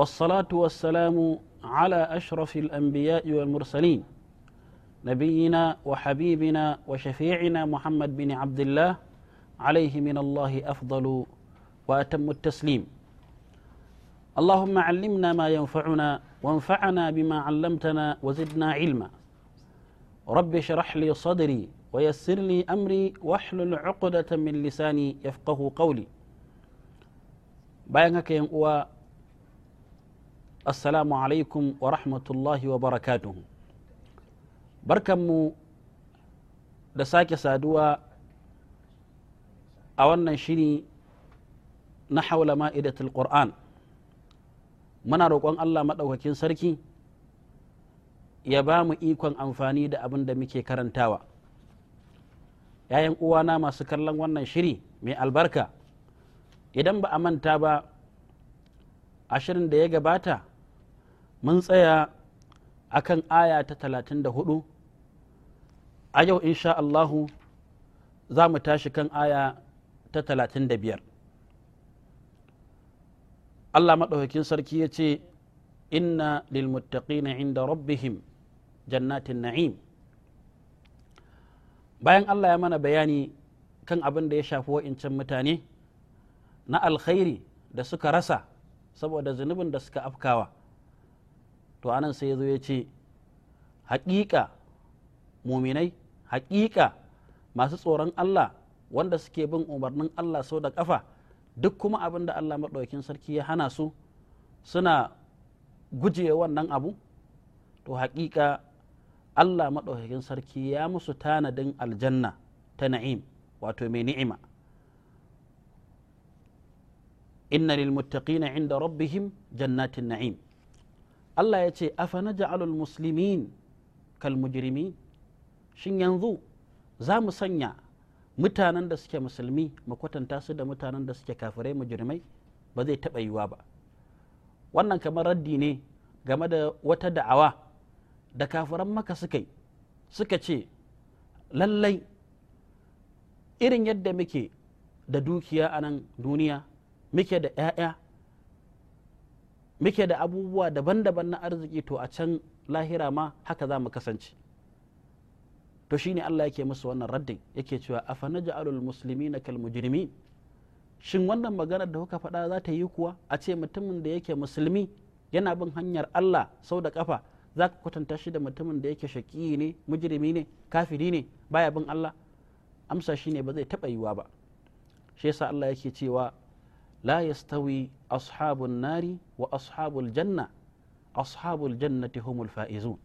والصلاة والسلام على أشرف الأنبياء والمرسلين نبينا وحبيبنا وشفيعنا محمد بن عبد الله عليه من الله أفضل وأتم التسليم اللهم علمنا ما ينفعنا وانفعنا بما علمتنا وزدنا علما رب اشرح لي صدري ويسر لي أمري واحلل عقدة من لساني يفقه قولي بايعك ينقوى assalamu alaikum wa rahmatullahi wa barakatuhu barkanmu da sake saduwa a wannan shiri na haula ma'idatul qur'an muna roƙon allah maɗaukakin sarki ya ba mu ikon amfani da abin da muke karantawa yayan uwana masu kallon wannan shiri mai albarka idan ba a manta ba ashirin da ya gabata mun tsaya akan aya ta talatin da hudu a yau insha Allahu za mu tashi kan aya ta talatin da biyar Allah maɗaukakin sarki ya ce inna lilmuttaqin inda rabbihim jannatin na'im bayan Allah ya mana bayani kan abin da ya shafi wa'incan mutane na alkhairi da suka rasa saboda zunubin da suka afkawa to anan sai ya zo ya ce haƙiƙa muminai haƙiƙa masu tsoron Allah wanda suke bin umarnin Allah sau da ƙafa duk kuma abin da Allah maɗaukin sarki ya hana su suna guje wannan abu to haƙiƙa Allah maɗaukin sarki ya musu tanadin aljanna ta na'im wato mai ni'ima inna lil muttaqina inda rabbihim jannatin na'im Allah ya ce afana ja'alul muslimin kalmujirimi shin yanzu za mu sanya mutanen da suke musulmi mu kwatanta su da mutanen da suke kafirai mujrimai ba zai taɓa yiwa ba wannan kamar raddi ne game da wata da'awa da kafiran maka suka yi suka ce lallai irin yadda muke da dukiya a nan duniya muke da 'ya'ya muke da abubuwa daban-daban na arziki to a can lahira ma haka za mu kasance to shine Allah yake musu wannan raddin yake cewa alul musulmi kal mujrimin shin wannan maganar da kuka faɗa za ta yi kuwa a ce mutumin da yake musulmi yana bin hanyar Allah sau da kafa za ka kwatanta shi da mutumin da yake shaƙi ne mujrimi ne kafiri ne baya bin Allah amsa shi ne ba zai taɓa yiwa ba shi yasa Allah yake cewa la yastawi ashabun nari wa ashabul janna ashabul jannati humul fa'izun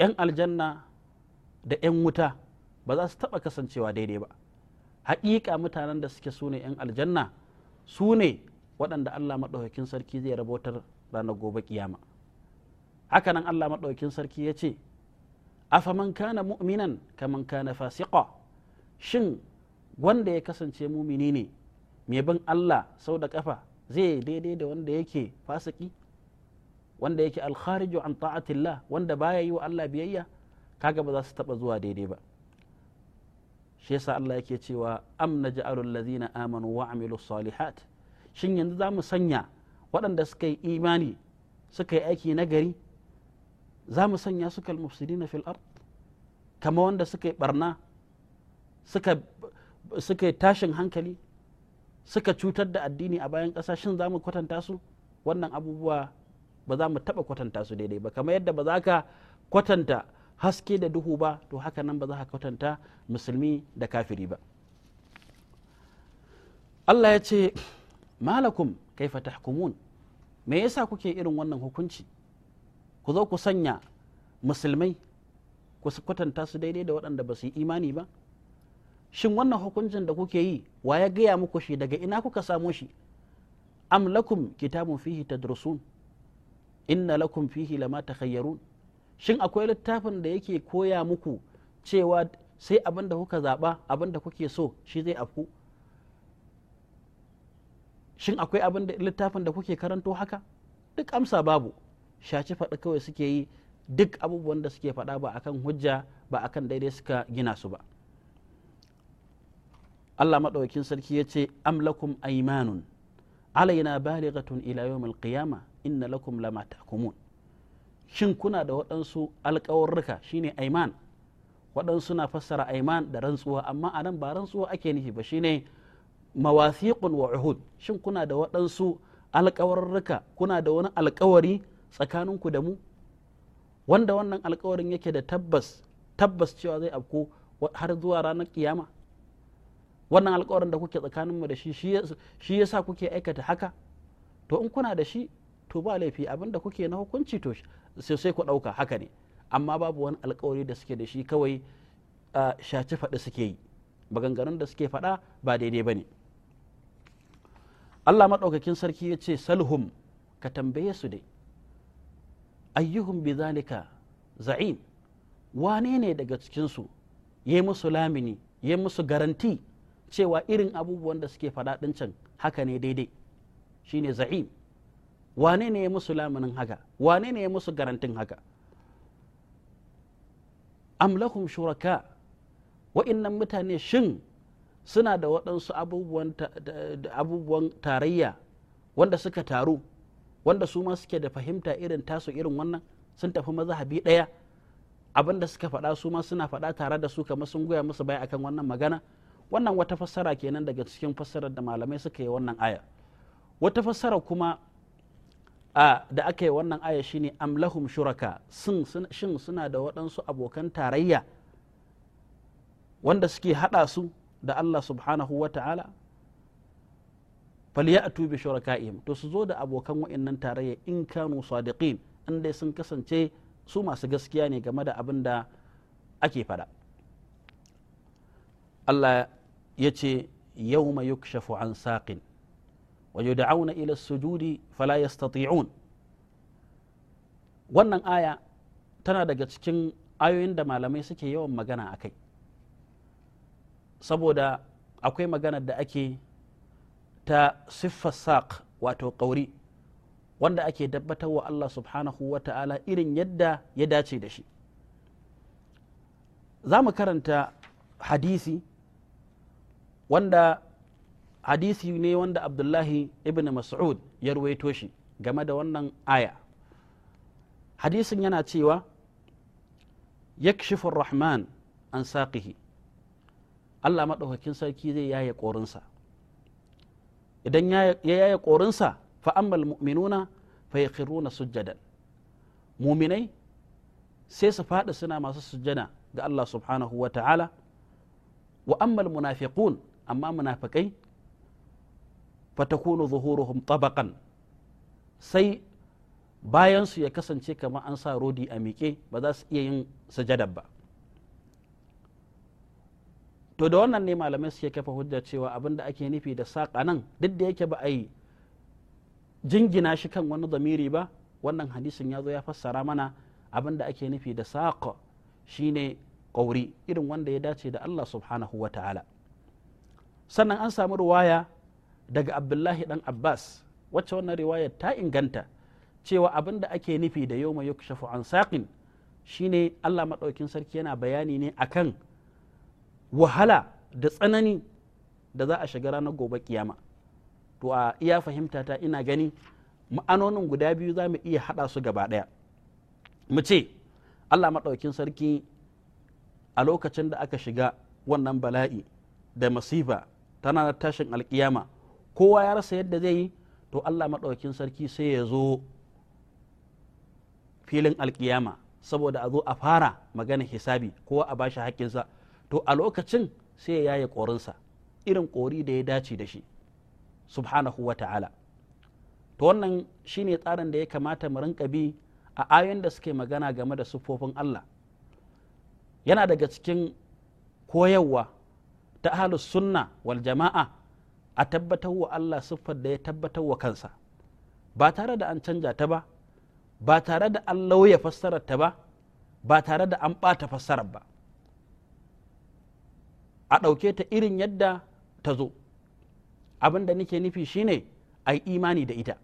‘yan aljanna da ‘yan wuta ba za su taɓa kasancewa daidai ba haƙiƙa mutanen da suke sune ‘yan aljanna su ne waɗanda Allah maɗaukakin sarki zai rabotar ranar gobe kiyama hakanan Allah maɗaukakin sarki ya ce afaman kana mu'minan kaman kana fasiqa shin wanda ya kasance mumini ne Me bin Allah sau da kafa zai daidai da wanda yake fasiki wanda yake alkhariju an ta'atillah wanda baya yi wa Allah biyayya kaga ba za su taba zuwa daidai ba shi yasa Allah yake cewa am naj'alul ladzina amanu wa amilus salihat shin yanzu za mu sanya waɗanda suka yi imani suka yi aiki na gari za mu sanya su kalmufsidina fil ard kama wanda suka yi barna suka tashin hankali suka cutar da addini a bayan ƙasa shin za mu kwatanta su wannan abubuwa ba za mu taɓa kwatanta su daidai ba kamar yadda ba za ka kwatanta haske da duhu ba to haka nan ba za ka kwatanta musulmi da kafiri ba Allah ya ce malakum kaifa tahkumun me yasa kuke irin wannan hukunci ku zo ku sanya musulmai ku kwatanta su daidai da waɗanda ba su yi imani ba shin wannan hukuncin da kuke yi wa ya gaya muku shi daga ina kuka samo shi am lakum kitabun fihi tadrusun inna lakum fihi lama takhayyarun shin akwai littafin da yake koya muku cewa sai abin kuka zaba, abin kuke so shi zai afku shin akwai abin littafin da kuke karanto haka duk amsa babu shaci faɗi kawai suke yi duk abubuwan da suke faɗa ba akan hujja ba akan daidai suka gina su ba Allah maɗaukin sarki ya ce amlakum aimanun alaina balighatun ila yawmil qiyama inna lakum lama takumun shin kuna da waɗansu alƙawarruka shine aiman waɗansu na fassara aiman da rantsuwa amma a nan ba rantsuwa ake nufi ba shine mawasiƙun wa uhud shin kuna da waɗansu alƙawarruka kuna da wani alƙawari tsakaninku da mu wanda wannan alƙawarin yake da tabbas cewa zai afko har zuwa ranar kiyama wannan alkawarin da kuke tsakaninmu da shi shi yasa kuke aikata haka to in kuna da shi to ba laifi abinda kuke na hukunci to sai sai ku ɗauka haka ne amma babu wani alkawari da suke da shi kawai shaci faɗi suke yi maganganun da suke faɗa ba daidai ba ne allah maɗaukakin sarki ya ce salhum ka tambaye su dai ayyuhum bi zalika za'in wane ne daga cikinsu ya musu lamini ya musu garanti cewa irin abubuwan da suke fada ɗin can haka ne daidai shine za'im wane ne ya musu lamunin haka wane ne ya musu garantin haka am shuraka wa'innan mutane shin suna da waɗansu abubuwan tarayya wanda suka taru wanda su ma suke da fahimta irin tasu irin wannan sun tafi mazhabi ɗaya abinda suka faɗa su ma suna faɗa tare da su kamar sun goya musu baya akan wannan magana wannan wata fassara kenan daga cikin fassarar da malamai suka yi wannan aya wata fassara kuma a da aka yi wannan aya shine amlahum shuraka shin suna da waɗansu abokan tarayya wanda suke haɗa su da Allah subhanahu wa ta'ala falyatu bi shuraka'im to su zo da abokan wa'annan tarayya in kanu sadiqin in dai sun kasance su masu gaskiya ne game da abin da ake faɗa Allah ya ce yau ma yukshafu an saƙin wa yud'auna ila sujudi fala yastati'un wannan aya tana daga cikin ayoyin da malamai suke yawan magana a kai saboda akwai magana da ake ta siffar saƙ wato ƙauri wanda ake tabbatar wa Allah subhanahu wa ta'ala irin yadda ya dace da shi za mu karanta hadisi wanda hadisi ne wanda abdullahi ibn mas'ud ya ruwaito shi game da wannan aya hadisin yana cewa yakshifur rahman an saƙihi allah maɗaukakin sarki zai yaye ƙorinsa idan ya yaye ƙorinsa fa'ammal mu'minuna fa yakhruna sujjadan muminai sai su faɗi suna masu sujjada ga allah subhanahu wa ta'ala wa munafiqun amma munafikai fatakunu zuhuruhum tabaqan sai bayan su ya kasance kamar an sa rodi a miƙe ba za su iya yin sajadar ba to da wannan ne malamai suke kafa hujja cewa abin da ake nufi da saƙa nan duk da yake ba a yi jingina shi kan wani zamiri ba wannan hadisin ya zo ya fassara mana abin da ake nufi da saƙa shine ƙauri irin wanda ya dace da Allah subhanahu wa ta'ala sannan an samu riwaya daga abdullahi dan abbas wacce wannan riwaya ta inganta cewa abin da ake nufi da yau mai shafu an saƙin shine allah maɗaukin sarki yana bayani ne akan wahala da tsanani da za a shiga ranar gobe kiyama to a iya fahimta ta ina gani ma'anonin guda biyu za mu iya haɗa su gaba ɗaya mu ce allah maɗaukin sarki a lokacin da aka shiga wannan bala'i da masifa tana da tashin alkiyama kowa ya rasa yadda zai yi to Allah maɗaukin sarki sai ya zo filin alkiyama saboda a zo a fara magana hisabi kowa a bashi haƙƙinsa to a lokacin sai ya yaye ƙorinsa irin ƙori da ya dace da shi subhanahu wa ta'ala to wannan shine tsarin da ya kamata mu rinka bi a ayoyin da suke magana game da siffofin Allah yana daga cikin koyarwa ta ahlus sunna wal jama'a a tabbatar wa Allah siffar da ya tabbatar wa kansa ba tare da an canja ta ba ba tare da an lauya fassarar ta ba ba tare da an ɓata fassarar ba a ɗauke ta irin yadda ta zo abin da nake nufi shine a imani da ita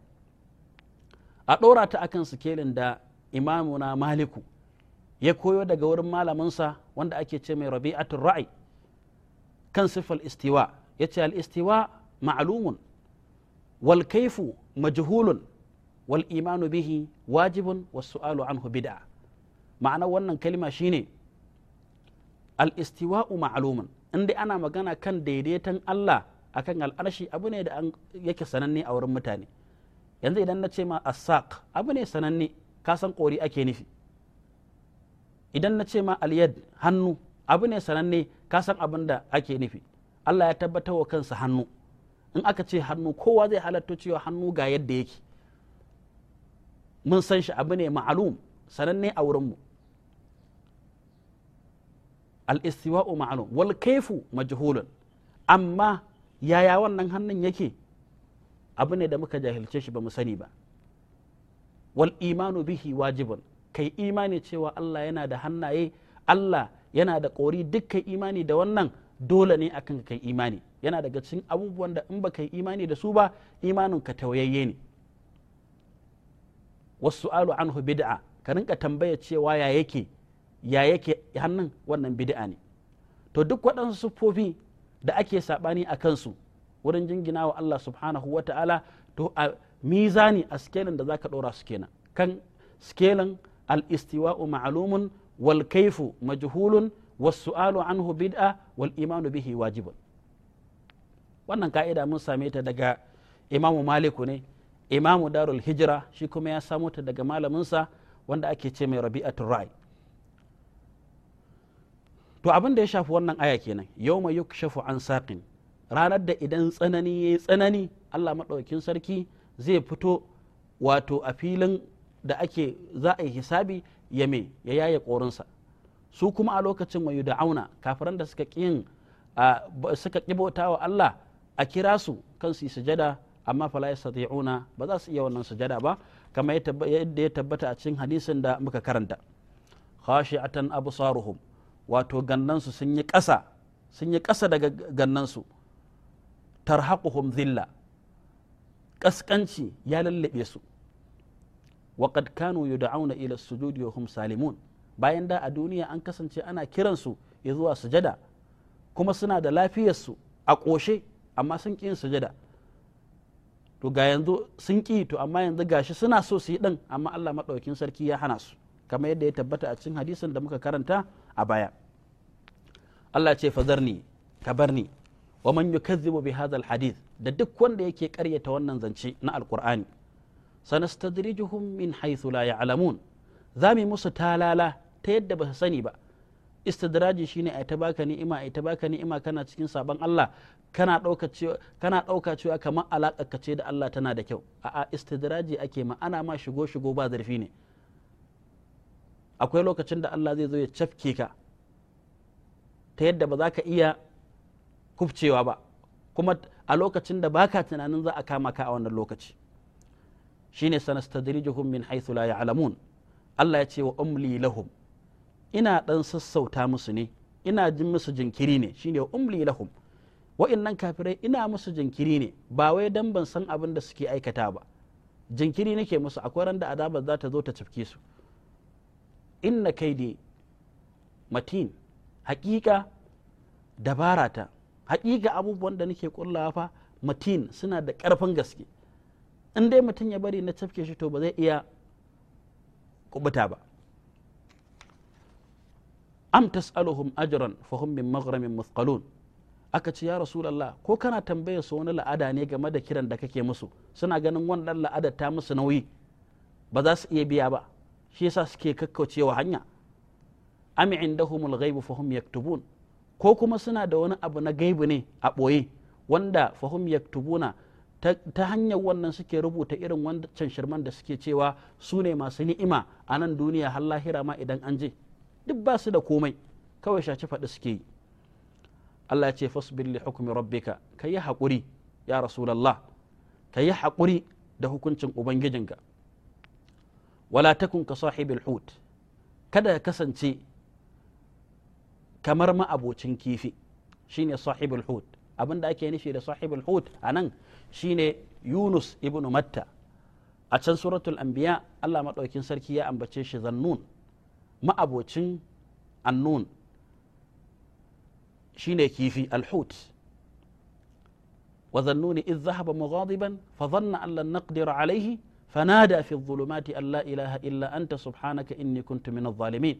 a ɗora ta akan sikelin da imamuna maliku ya koyo daga wurin sa wanda ake ce mai rabi'atul ra'i كان صفة الاستواء يتي الاستواء معلوم والكيف مجهول والإيمان به واجب والسؤال عنه بدعة معنى وانا كلمة شيني الاستواء معلوم عندي أنا مغانا كان ديديتن الله أكن الأرشي أبني دعن يكي سنني أو رمتاني yanzu idan na ce ma asaq abu ne sananne ka san kori ake nufi idan na ka san abin da ake nufi Allah ya tabbatar wa kansa hannu in aka ce hannu kowa zai halatta cewa hannu ga yadda yake mun san shi abu ne ma'alum sananne a wurinmu al-istiwa'u ma'alum wal kaifu majhulun amma yaya wannan hannun yake abu ne da muka jahilce shi ba mu sani ba wal imanu bihi wajibun kai imani cewa Allah yana da hannaye Allah yana da ƙori dukkan imani da wannan dole ne akan kai imani yana daga cikin abubuwan da in baka yi imani da su ba imanin ka tawayayye ne wasu alu anhu bid'a ka rinka tambaya cewa ya yake ya yake hannun wannan bida'a ne to duk waɗansu siffofi da ake saɓani a kansu wurin jingina wa Allah subhanahu wa ta'ala to a mizani a skelin da zaka ɗora su kenan kan skelin al-istiwa'u ma'lumun wal kaifu majhulun عنه su'alu anhu bid'a wal imanu bihi wannan ka'ida mun same ta daga imamu maliku ne imamu darul hijira shi kuma ya samo ta daga malaminsa wanda ake ce mai rabi'atul ra'i to abin da ya shafi wannan aya kenan yau mai yukshafu an saƙin ranar da idan tsanani ya yi tsanani allah maɗaukin sarki zai fito wato a filin da ake za a yi hisabi ya me ya yaye korinsa su kuma a lokacin wayu da auna kafiran da suka ƙin suka kibota wa Allah a kira su kan su sujada amma fala yastati'una ba za su iya wannan sujada ba kamar yadda ya tabbata a cikin hadisin da muka karanta khashi'atan absaruhum wato su sun yi ƙasa sun yi ƙasa daga su tarhaquhum dhilla kaskanci ya lallabe su wa kano kanu yud'auna ila sujudi wa salimun bayan da a duniya an kasance ana kiransu ya zuwa sujada kuma suna da lafiyarsu a ƙoshe amma sun ƙi sujada to ga yanzu sun ƙi to amma yanzu gashi suna so su yi ɗin amma Allah maɗaukin sarki ya hana su kamar yadda ya tabbata a cikin hadisin da muka karanta a baya Allah ce fazarni ka barni wa man yukazzibu bi hadha hadis da duk wanda yake ƙaryata wannan zance na alqur'ani sanastadrijuhum min haythu la ya'lamun za mu musu talala ta yadda ba su sani ba istidraji shine ai ta baka ni'ima ai ta baka ni'ima kana cikin sabon Allah kana dauka cewa kana dauka cewa kamar alakar ka ce da Allah tana da kyau a istidraji ake ma ana ma shigo shigo ba zarfi ne akwai lokacin da Allah zai zo ya cafke ka ta yadda ba za ka iya kufcewa ba kuma a lokacin da baka tunanin za a kama ka a wannan lokaci shine sanastadrijuhum min haythu la ya'lamun Allah ya ce wa umli lahum ina dan sassauta musu ne ina jin musu jinkiri ne shine wa umli lahum wa'annan kafirai ina musu jinkiri ne ba wai dan ban san abin da suke aikata ba jinkiri nake musu akwai ran da azaba za ta zo ta cifke su inna kaidi matin hakika dabarata hakika abubuwan da nake kullawa fa matin suna da karfin gaske in dai mutum ya bari na cafke shi to ba zai iya kubuta ba am tas'aluhum ajran fa hum min maghramin muthqalun aka ce ya rasulullah ko kana tambayar su wani la'ada ne game da kiran da kake musu suna ganin wannan la'ada ta musu nauyi ba za su iya biya ba shi yasa suke kakkaucewa hanya am indahumul ghaibu fa hum yaktubun ko kuma suna da wani abu na gaibu ne a boye wanda fa hum yaktubuna ta hanyar wannan suke rubuta irin wancan shirman da suke cewa su ne masu ni'ima a nan duniya har lahira ma idan an je duk ba su da komai kawai shaci faɗi suke yi Allah ce fasbir li hukmi rabbika ka yi haƙuri ya rasulallah ka yi haƙuri da hukuncin ubangijinka wala takun ka sahibil hut kada ka kasance kamar ma'abocin kifi shine sahibul hut abin da ake nufi da sahibul hut a nan shi ne yunus ibn matta a can suratul ambiya allah maɗaukin sarki ya ambace shi zannun ma'abocin annun shi ne kifi alhut wa zannuni iz zahaba mughadiban fa zanna an lan naqdiru alayhi fanada fi adh-dhulumati ilaha illa anta subhanaka inni kuntu min adh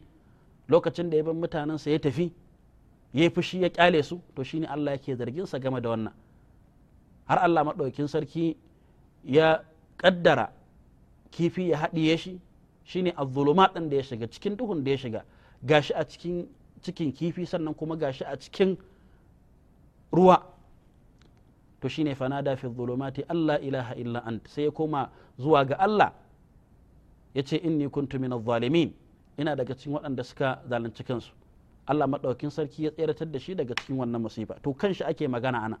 lokacin da ya yaban mutanansa ya tafi ya fushi ya kyale su to shine Allah yake zargin sa game da wannan har Allah maɗaukin sarki ya ƙaddara kifi ya haɗiye shi shine azzuluma ɗin da ya shiga cikin duhun da ya shiga gashi a cikin cikin kifi sannan kuma gashi a cikin ruwa to shine da fi zulumati Allah ilaha illa ant sai ya koma zuwa ga Allah ya yace inni kuntu min zalimin ina daga cikin waɗanda suka zalunci kansu Allah maɗaukin sarki ya tseratar da shi daga cikin wannan masifa to kan shi ake magana ana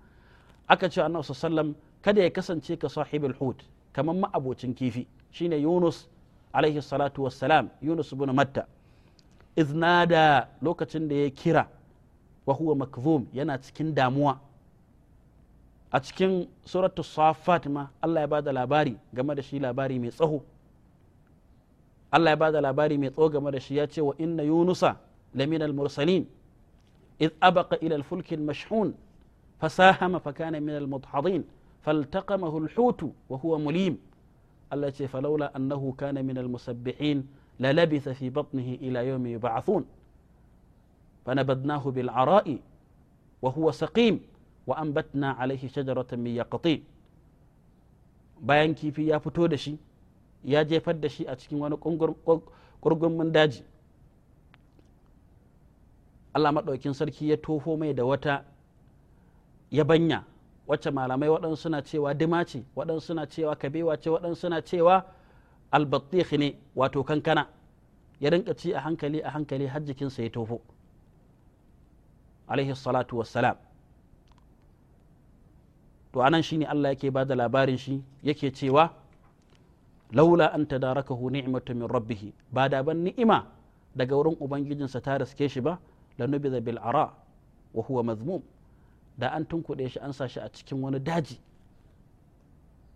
aka ce annabi sallam kada ya kasance ka sahibul hut kamar ma'abocin kifi shine Yunus alaihi salatu wassalam Yunus ibn Matta iznada lokacin da ya kira wa huwa makzum yana cikin damuwa a cikin suratu safat ma Allah ya bada labari game da shi labari mai tsaho Allah ya bada labari mai tsawo game da shi ya ce wa inna yunusa لمن المرسلين إذ أبق إلى الفلك المشحون فساهم فكان من المدحضين فالتقمه الحوت وهو مليم التي فلولا أنه كان من المسبحين للبث في بطنه إلى يوم يبعثون فنبذناه بالعراء وهو سقيم وأنبتنا عليه شجرة من يقطين bayan kifi يا فتودشي يا shi ya jefar da shi a Allah maɗaukin sarki ya toho mai da wata yabanya wacce malamai waɗansu suna cewa dima ce waɗansu suna cewa kabewa ce waɗansu suna cewa albattih ne wato kankana ya rinka ci a hankali a hankali har jikinsa ya toho alaihi salatu wassalam to anan shine Allah yake ba da labarin shi yake cewa laula an tadarakahu ni'matu min rabbihi ba da ban ni'ima daga wurin ubangijinsa ta raske shi ba lanubiza bil ara wa huwa mazmum da an tunkuɗe shi an sa shi a cikin wani daji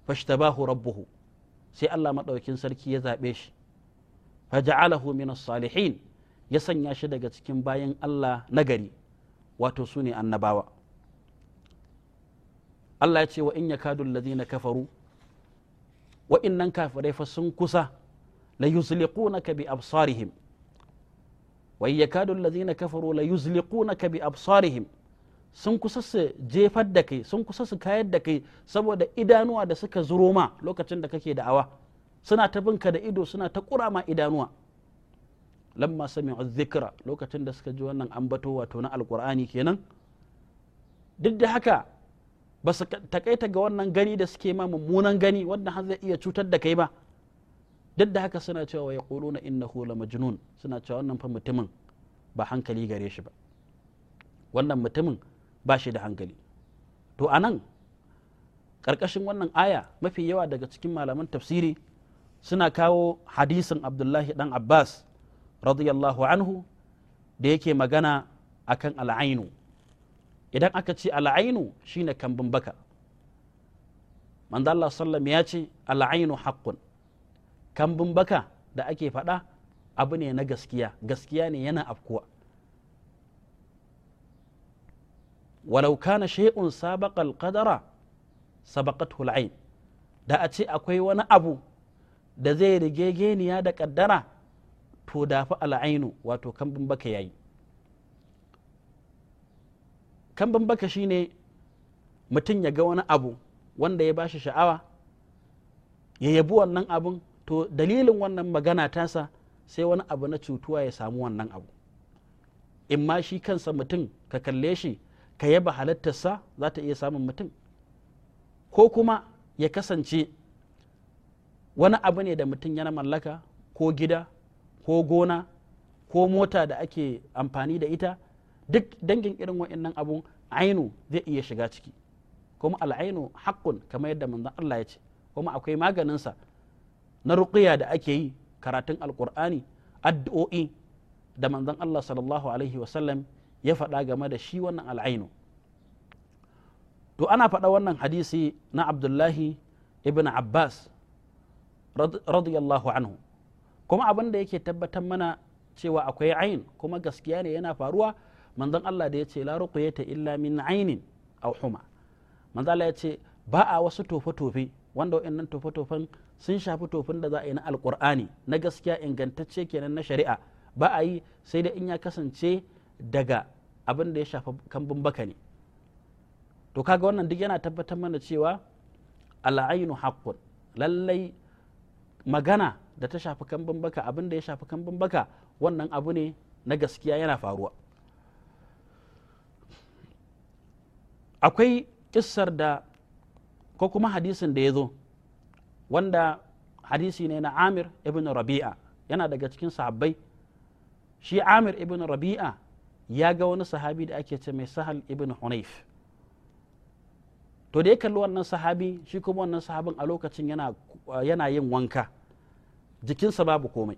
fashtabahu rabbuhu sai Allah maɗaukin sarki ya zaɓe shi faja'alahu min salihin ya sanya shi daga cikin bayan Allah nagari wato su ne annabawa Allah ya ce wa in yakadu alladhina kafaru wa innan kafirai fa sun kusa la yuzliqunaka bi absarihim wai ya kadu lazina kafaru la yuzliqunaka bi absarihim sun kusa su jefar da kai sun kusa su kayar da kai saboda idanuwa da suka zuro ma lokacin da kake da'awa suna ta binka da ido suna ta kura ma idanuwa lamma sami'u dhikra lokacin da suka ji wannan ambato wato na alqur'ani kenan duk da haka ba su takaita ga wannan gani da suke ma mummunan gani wanda har zai iya cutar da kai ba duk da haka suna cewa ya ƙulu na inna la majnun suna cewa wannan fa mutumin ba hankali gare shi ba wannan mutumin ba shi da hankali to a nan ƙarƙashin wannan aya mafi yawa daga cikin malaman tafsiri suna kawo hadisin abdullahi dan abbas radiyallahu anhu da yake magana a kan al'ainu idan aka ce al'ainu shine kambin baka manzo Allah sallam ya ce al'ainu haqqun Kambin baka da ake faɗa abu ne na gaskiya gaskiya ne yana afkuwa walau kana shay'un sabaqal qadara sabaqathu al da a ce akwai wani abu da zai rigegeniya da kaddara to da fa al'ainu wato kambun baka yayi Kambin baka shine mutum ya ga wani abu wanda ya bashi sha'awa ya yabi wannan abun to dalilin wannan magana tasa sai wani abu na cutuwa ya samu wannan abu in ma shi kansa mutum ka kalle shi ka yaba halittarsa za ta iya samun mutum ko kuma ya kasance wani abu ne da mutum yana mallaka ko gida ko gona ko mota da ake amfani da ita duk dangin irin wa'annan abun ainu zai iya shiga ciki kuma al'ainu haƙƙun kamar yadda manzon Allah ya ce kuma akwai maganinsa na ruqiya da ake yi karatun alkur'ani addu'o'i da manzon Allah sallallahu alaihi ya faɗa game da shi wannan al'ainu to ana faɗa wannan hadisi na abdullahi ibn abbas radiyallahu anhu kuma abin da yake tabbatar mana cewa akwai ayin kuma gaskiya ne yana faruwa manzon Allah da ya ce la ta illa min ainin aw huma manzon Allah ya ce ba a wasu tofe-tofe wanda wa'annan tofe-tofen sun shafi tofin da za a yi na alkur'ani na gaskiya ingantacce kenan na shari'a ba a yi sai da in ya kasance daga abin da ya shafi kambun baka ne to kaga wannan duk yana tabbatar mana cewa al'ainu haqqun lallai magana da ta shafi kambun baka abin da ya shafi kambun baka wannan abu ne na gaskiya yana faruwa akwai kissar da ko kuma hadisin da ya zo wanda hadisi ne na amir ibn rabi'a yana daga cikin sahabbai shi amir ibn rabi'a ya ga wani sahabi da ake ce mai sahal ibn hunayf to da ya kalli wannan sahabi shi kuma wannan sahabin a lokacin yana, yin wanka jikinsa babu komai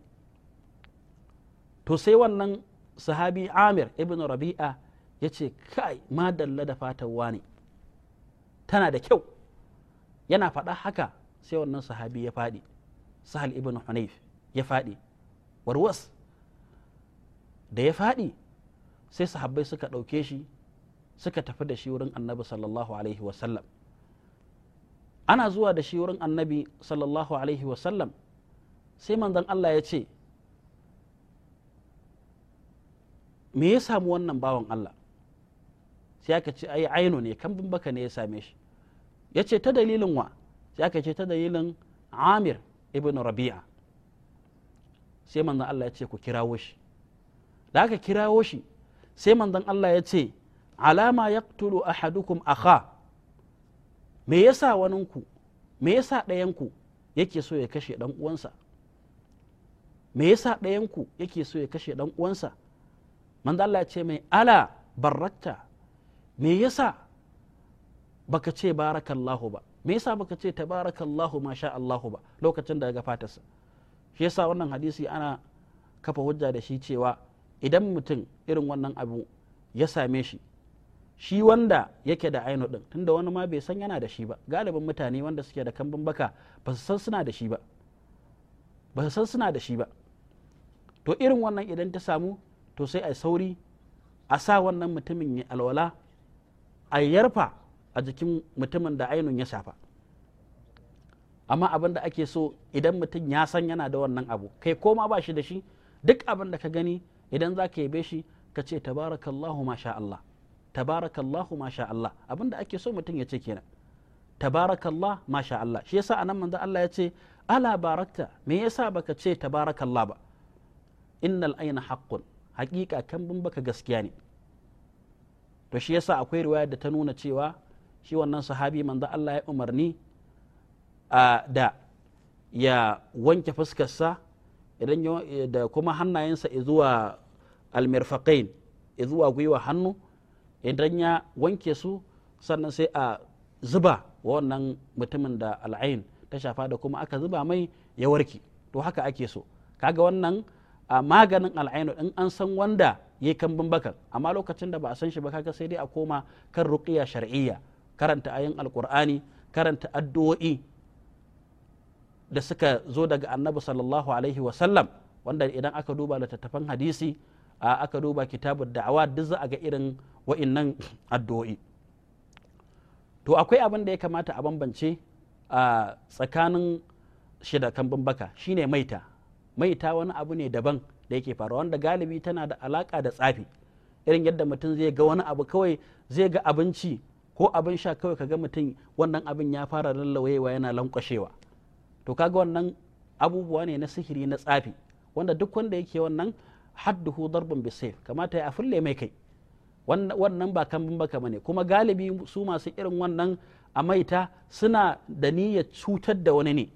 to sai wannan sahabi amir ibn rabi'a ya ce kai madalla da fatan ne tana da kyau yana faɗa haka sai wannan sahabi ya faɗi sahal ibn hunayf ya faɗi warwas da ya faɗi sai sahabbai suka ɗauke shi suka tafi da shi wurin annabi sallallahu alaihi wasallam ana zuwa da shi wurin annabi sallallahu alaihi wasallam sai manzon Allah ya ce me ya samu wannan bawan Allah sai aka ce ai aino ne kambin baka ne ya same shi yace ta dalilin wa sai aka ce ta dalilin amir ibn rabi'a sai manzon Allah ya ce ku kirawo shi da aka kirawo shi sai manzon Allah ya ce alama yaqtulu ahadukum akha me yasa waninku me yasa ɗayanku yake so ya kashe ɗan uwansa me yasa ɗayanku yake so ya kashe ɗan uwansa manzon Allah ya ce mai ala barratta me yasa baka ce barakallahu ba me yasa baka ce tabarakallahu ma sha Allahu ba lokacin da ga fatarsa shi yasa wannan hadisi ana kafa hujja da shi cewa idan mutum irin wannan abu ya same shi shi wanda yake da aino din tunda wani ma bai san yana da shi ba galibin mutane wanda suke da kambun baka ba su san suna da shi ba ba su san suna da shi ba to irin wannan idan ta samu to sai a sauri a sa wannan mutumin ya alwala a yarfa a jikin mutumin da ainun ya shafa amma abin da ake so idan mutum ya san yana da wannan abu kai koma ba shi da shi duk abin da ka gani idan za ka yabe shi ka ce tabarakallahu masha Allah tabarakallahu masha Allah abin da ake so mutum ya ce kenan tabarakallah masha Allah shi yasa anan manzo Allah ya ce ala barakta me yasa baka ce tabarakallah ba innal ayna haqqun hakika kan bin baka gaskiya ne to shi yasa akwai riwaya da ta nuna cewa shi wannan sahabi manzo Allah ya umarni da ya wanke fuskarsa idan da kuma hannayensa zuwa almirfaqain zuwa gwiwa hannu idan ya wanke su sannan sai a zuba wa wannan mutumin da al'ain ta shafa da kuma aka zuba mai ya warke to haka ake so kaga wannan a maganin al'ainu in an san wanda ya kambin bakan amma lokacin da ba a san shi ba kaga sai dai a koma kan ruqiya shar'iyya karanta ayin alkur'ani karanta addu'o'i da suka zo daga annabi sallallahu alaihi wasallam wanda idan aka duba littattafan hadisi a aka duba kitabun da'awa duk za a ga irin wa'innan addu'o'i to akwai abin da ya kamata a bambance a tsakanin shi da kambun baka shine maita maita wani abu ne daban da yake faruwa wanda galibi tana da alaka da tsafi irin yadda mutum zai ga wani abu kawai zai ga abinci ko abin sha kawai ka ga mutum wannan abin ya fara lallawayewa yana lankwashewa to kaga wannan abubuwa ne na sihiri na tsafi wanda duk wanda yake wannan hadduhu darbin bisayf kamata ya fulle mai kai wannan ba kan baka bane kuma galibi su masu irin wannan a maita suna da niyyar cutar da wani ne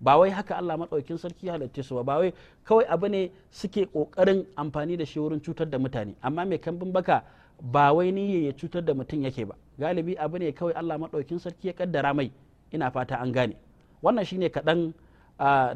ba wai haka Allah maɗaukin sarki halitta su ba wai kawai abu ne suke ƙoƙarin amfani da shi wurin cutar da mutane amma mai kambin baka ba wai niyyar ya cutar da mutum yake ba galibi abu ne kawai Allah maɗaukin sarki ya kaddara mai ina fata an gane wannan shine kaɗan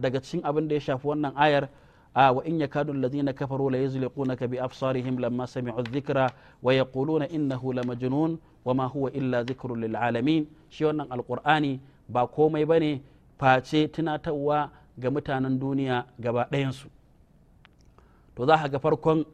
daga cikin abin da ya shafi wannan ayar wa in yakadu na kafaru la yuzliqunaka bi absarihim lamma sami'u dhikra wa yaquluna innahu lamajnun ma huwa illa dhikrun lil alamin shi wannan alqur'ani ba komai bane face tunatarwa ga mutanen duniya gaba ɗayansu to za ka ga farkon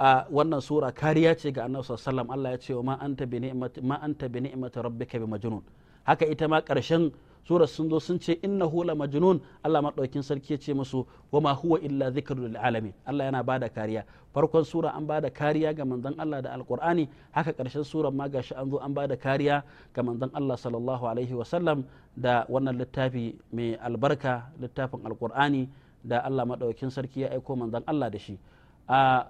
a wannan sura kariya ce ga annabi sallallahu Allah ya ce wa ma anta bi ni'mati ma anta bi ni'mati rabbika bi majnun haka ita ma karshen sura sun zo sun ce innahu la majnun Allah madaukin sarki ya ce musu wa ma huwa illa dhikrul lil alamin Allah yana bada kariya farkon sura an bada kariya ga manzon Allah da alqur'ani haka karshen surar ma gashi an zo an bada kariya ga manzon Allah sallallahu alaihi wa sallam da wannan littafi mai albarka littafin alqur'ani da Allah madaukin sarki ya aiko manzon Allah da shi a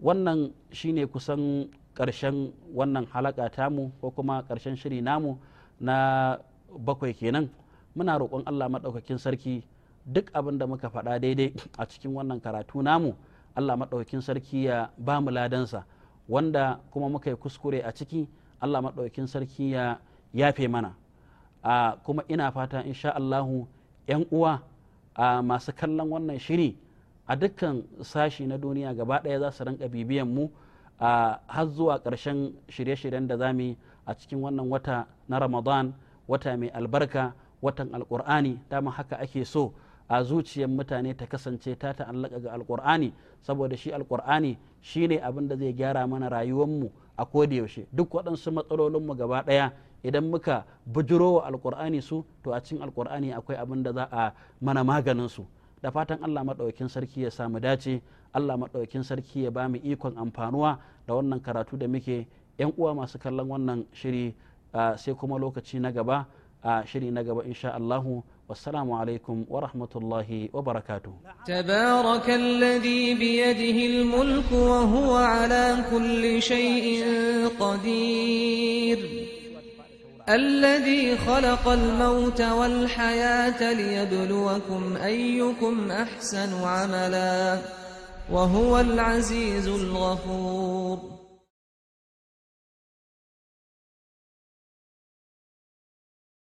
wannan shi ne kusan karshen wannan halaka tamu ko kuma ƙarshen shiri namu na bakwai kenan muna roƙon allah maɗaukakin sarki duk abin da muka faɗa daidai a cikin wannan karatu namu allah maɗaukakin sarki ya ba mu ladansa wanda kuma muka yi kuskure a ciki allah maɗaukakin sarki ya yafe mana a kuma ina fata insha allahu 'yan uwa masu kallon wannan shiri a dukkan sashi na duniya gaba ɗaya za su rinka bibiyan mu a har zuwa ƙarshen shirye-shiryen da za mu yi a cikin wannan wata na ramadan wata mai albarka watan alƙur'ani dama haka ake so a zuciyar mutane ta kasance ta ta'allaka ga alƙur'ani saboda shi alƙur'ani shi ne abin da zai gyara mana mu a yaushe duk waɗansu matsalolinmu gaba ɗaya idan muka bujiro wa alƙur'ani su to a cikin alƙur'ani akwai abin da za a mana maganin su da fatan Allah maɗaukin sarki ya samu dace Allah maɗaukin sarki ya ba mu ikon amfanuwa da wannan karatu da muke yan uwa masu kallon wannan shiri sai kuma lokaci na gaba a shiri na gaba insha Allahu والسلام عليكم ورحمة الله وبركاته تبارك الذي بيده الملك وهو على كل شيء قدير الذي خلق الموت والحياة ليبلوكم أيكم أحسن عملا وهو العزيز الغفور